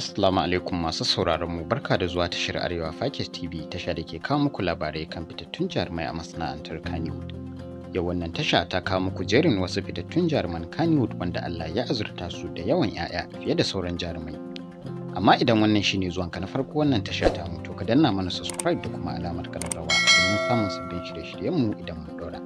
Assalamu alaikum masu sauraron mu barka da zuwa tashar Arewa Fakis TV tasha da ke kawo muku labarai kan fitattun jarumai a masana'antar Kannywood. Yau wannan tasha ta kawo muku jerin wasu fitattun jaruman Kannywood wanda Allah ya azurta su da yawan 'ya'ya fiye da sauran jarumai. Amma idan wannan shine zuwanka na farko wannan tasha ta mu to ka danna mana subscribe da kuma alamar kararrawa domin samun sabbin shirye shiryen mu idan mun ɗora.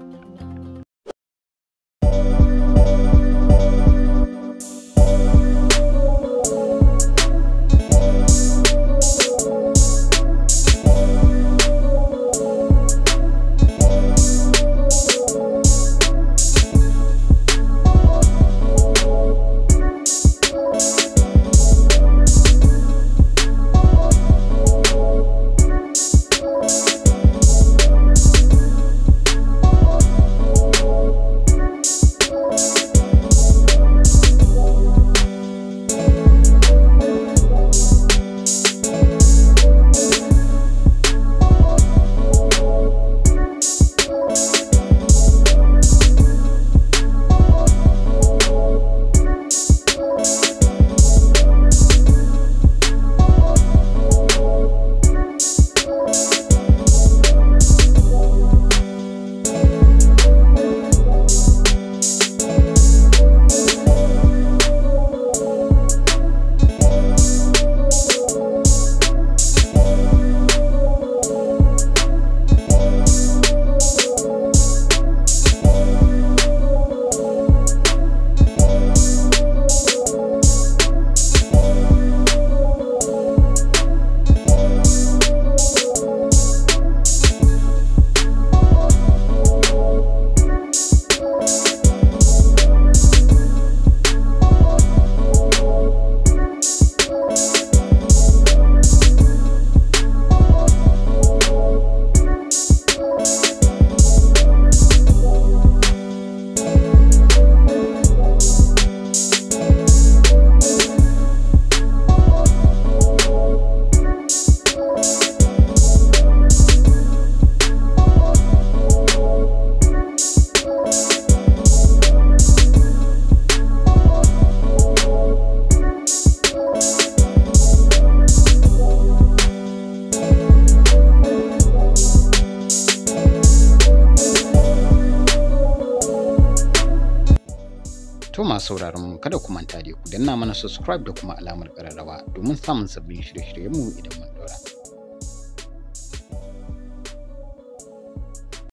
To masu sauraron mu kada ku manta da ku danna mana subscribe da kuma alamar ƙararrawa domin samun sabbin shirye-shiryenmu idan mun